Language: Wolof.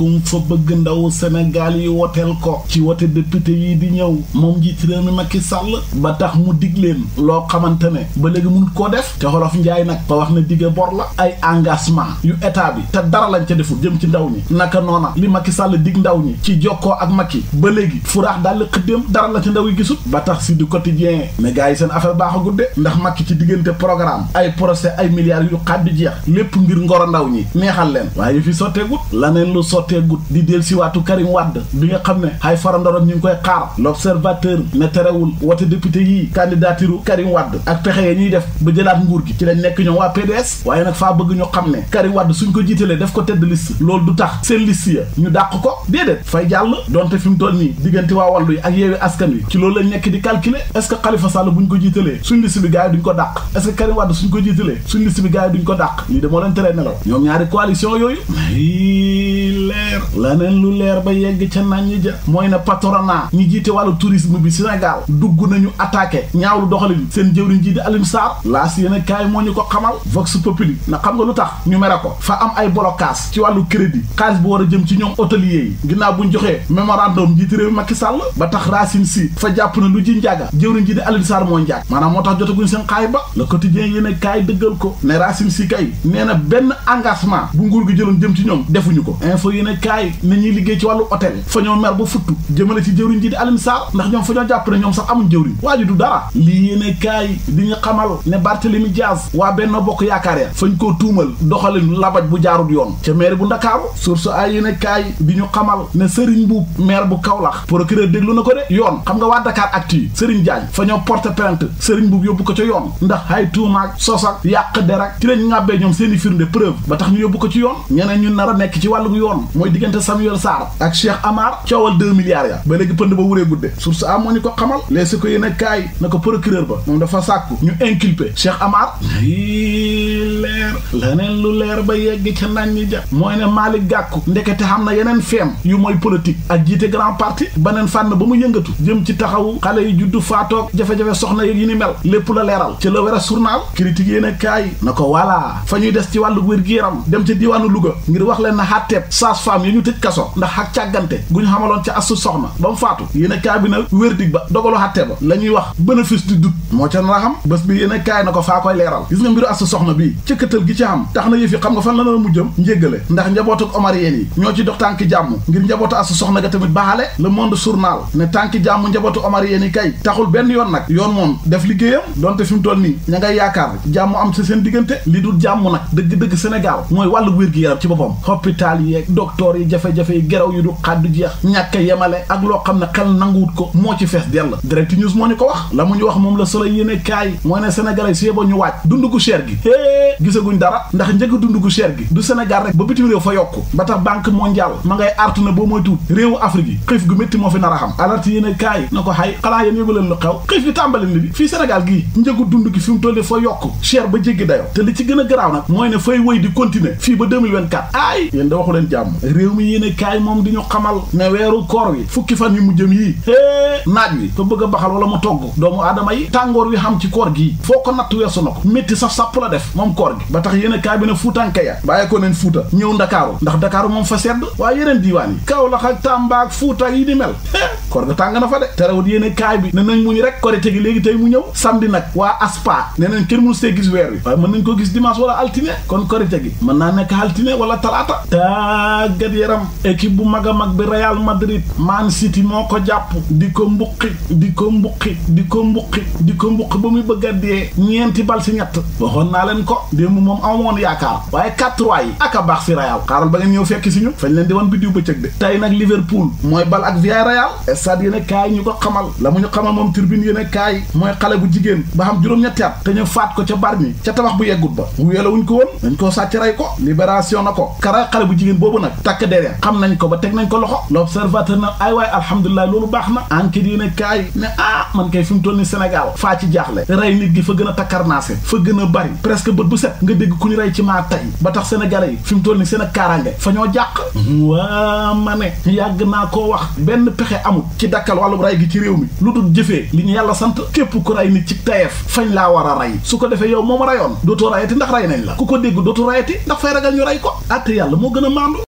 kum fa bëgg ndaw Sénégal yi woteel ko ci wote député yi di ñëw moom njiit réew mi Macky Sall ba tax mu dig leen loo xamante ne ba léegi mënut koo def te xolof njaay nag ba wax ne dige bor la ay engagement yu état bi te dara lañ ca deful jëm ci ndaw ñi naka noona li makki Sall dig ndaw ñi ci jokkoo ak Macky ba léegi furaax daal la xëddéem dara la ca ndaw yi gisut ba tax si du quotidien mais gars yi seen affaire baaxagut de ndax makki ci diggante programme ay procès ay milliards yu xaddu jeex lépp ngir ngoro ndaw ñi sotteegut di del siwaatu Karim Wade bi nga xam ne ay farandorom ñu koy xaar l'observateur ne terewul wote député yii candidaturu Karim Wade ak pexe ya ñuy def ba jëlaat nguur gi ci lañ nekk ñoom waa PDS waaye nag faa bëgg ñu xam ne Karim Wade suñ ko jiitalee def ko tedd liste loolu du tax seen liste ya ñu dàq ko déedéet fay jàll donte fi mu toll nii diggante waa wàllu yi ak yeewi askan wi ci loolu lañ nekk di calculer est-ce que Khalifa Sall ko jiitalee leer laneen lu leer ba yegg ca naññ ja mooy ne patronat ñu jiite wàllu tourisme bi Sénégal dugg nañu attaqué ñaawlu doxalin seen jëwriñ ji di Alioune Sarr laas yéen kaay moo ñu ko xamal vox populi na xam nga lu tax ñu mere ko fa am ay blocage ci wàllu crédit xaalis bu war a jëm ci ñoom hôteliers yi ginnaaw buñ joxee mémorandum njiiti réew Macky Sall ba tax Racine Sy fa jàpp na lu ji njàgga jëwriñ ji di Alioune Sarr moo njàgg maanaam moo tax jotaguñ seen ba le quotidien yéen kaay ko ne na benn engagement bu nguur gi jëloon jëm ci ñoom defuñu ko ne kaay na ñuy liggéey ci wàllu hôtel fa ñoo mer ba futtu ci jëwriñ ji di Alioune Sarr ndax ñoom fa ñoo jàpp ne ñoom sax amuñ jëwriñ waa ji du dara lii yéene kaay di ñu xamal ne Barthélemy Diaz waa Benno Bokk Yaakaar ya fañ koo tuumal doxalin labaj bu jaarut yoon ca maire bu Ndakaaru source ay yéene kaay di ñu xamal ne Serigne Mboup maire bu Kaolack procureur déglu na ko de yoon xam waa Dakar Actu Serigne Diagne fa ñoo porter plainte Serigne yóbbu ko ca yoon ndax ay tuumaak sos ak yàq der ak ci lañ ŋàbbee ñoom seen i firnde preuve ba tax ñu yóbbu ko ci yoon ñeneen ñu nar a nekk ci wàllu yoon mooy diggante Samuel Sarr ak Cheikh Amar coowal deux milliards ya ba léegi pënd ba wuree gudde source a moo ñu ko xamal les ko yéen kaay na ko procureur ba moom dafa sàkku ñu inculpé Cheikh Amar leneen lu leer ba yegg ca naan ñi ja mooy ne Malick Gakou ndekete xam na yeneen feem yu mooy politique ak jiite grand parti beneen fànn ba mu yëngatu jëm ci taxawu xale yi juddu faatoog jafe-jafe soxna yi ni mel lépp la leeral ci la wér journal critique yéen kaay na ko voilà fa ñuy des ci wàllu wér-gu-yaram dem ca diiwaanu Louga ngir wax leen na xàtteeb sage-femme yi ñu tëj kaso ndax ak càggante gu ñu xamaloon ca astu soxna ba mu faatu yéen kaay bi na wér-dig ba dogalu xàttee ba la ñuy wax bénéfice du doute moo ca na xam bés bi yéen kaay na ko faa koy leeral gis nga soxna bii am tax na yëf yi xam nga fan la na mujjëm njéggale ndax njabootu yi ñoo ci dox tànki jàmm ngir njabootu asu soxna ga tamit baaxale le monde journal ne tànki jàmm njabootu Omar yéen yi kay taxul benn yoon nag yoon moom def liggéeyam donte fi mu toll nii ña ngay yaakaar jàmm am si seen diggante li dul jàmm nag dëgg-dëgg Sénégal mooy wàllu wér gi ci boppam hôpital yi docteur yi jafe-jafe geraw yu du xaddu jeex ñàkk yemale ak loo xam ne xel nanguwut ko moo ci fees dell direct news moo ñu ko wax la mu ñu wax moom la solo yéene kaay mooy ne sénégalais si yebo ñu wàaj dund gu cher gi é gisaguñ daal dara ndax njëg dund gu cher gi du Sénégal rek ba bitim réew fa yokku ba tax banque mondiale ma ngay artu na boo mooy tuut réewu Afrique yi xiif gu métti moo fi nar a xam alerte yéen na ko xay xalaa yéen yëgu leen lu xew xiif gi tàmbali ni bi fii Sénégal gii njëgu dund gi fi mu tolli fa yokk cher ba jéggi dayoo te li ci gën garaaw nag mooy ne fay wëy di continuer fii ba 2024 aay yéen da waxu leen jàmm réew mi yéen moom di ñu xamal ne weeru fan yi mu jëm yii hee naaj wi fa bëgg a baxal wala mu togg doomu aadama yi tàngoor wi xam ci koor gii foo ko weesu ko métti saf sàpp la def moom yéen a kaay bi ne fuutanka ya bàyyi ko nañ fuuta ñëw ndakaaru ndax ndakaaru moom fa sedd waa yeneen diiwaan yi Kaolack ak Tamba ak Fuuta yi di mel kon ga tàng na fa de terewut yéene kaay bi ne nañ muñ rek korite gi léegi tey mu ñëw samedi nag waa aspa ne nañ kenn mun see gis weer wi waaye mën nañ ko gis dimanche wala altine kon korite gi mën naa nekk altine wala talaata tàggat yaram équipe bu mag a mag bi Real Madrid Man City moo ko jàpp di ko mbuqi di ko mbuqi di ko mbuqi di ko mbuqi ba muy bëgg a dee ñeenti bal si ñett waxoon naa leen ko démb moom amoon yaakaar waaye 4-3 yi ak a baax si Real ba ngeen ñëw fekk si ñu leen di wan biddiw bëccëg de nag Liverpool mooy bal stade yéen a kaay ñu ko xamal la mu ñu xamal moom turbine yéen kaay mooy xale bu jigéen ba xam juróom-ñetti at te ñu faat ko ca Bargny ca tabax bu yeggut ba mu yelawuñ ko woon dañ koo sàcc rey ko libération na ko kara xale bu jigéen boobu nag takk derrière xam nañ ko ba teg nañ ko loxo l'observateur na ay waay alhamdulilah loolu baax na enquête yéen a kaay ne ah man kay fi mu toll ni Sénégal faa ci jaaxle rey nit gi fa gën a takkarnaase fa gën a bari presque bu set nga dégg ku ñu rey ci maa tay ba tax fi mu toll ni seen a kaaraange fa ñoo jàq mhm. ma ne yàgg naa koo wax benn pexe amul ci dakkal wàllum ray gi ci réew mi lu dul jëfe li ñu yàlla sant képp ku ray nit ci tayeef fañ laa war a ray su ko defee yow moom rayoon dootoo rayati ndax ray nañ la ku ko dégg dootu rayati ndax fay ragal ñu ray ko àtte yàlla moo gën a maandu